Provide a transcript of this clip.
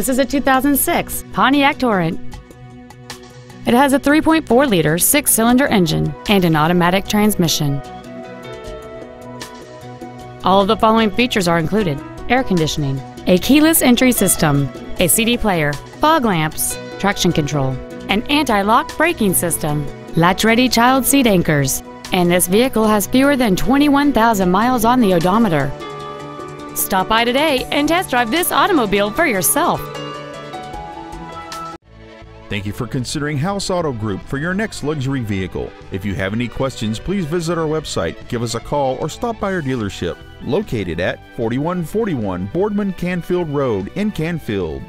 This is a 2006 Pontiac Torrent. It has a 3.4-liter six-cylinder engine and an automatic transmission. All of the following features are included. Air conditioning, a keyless entry system, a CD player, fog lamps, traction control, an anti-lock braking system, latch-ready child seat anchors, and this vehicle has fewer than 21,000 miles on the odometer. Stop by today and test drive this automobile for yourself. Thank you for considering House Auto Group for your next luxury vehicle. If you have any questions, please visit our website, give us a call, or stop by our dealership located at 4141 Boardman Canfield Road in Canfield.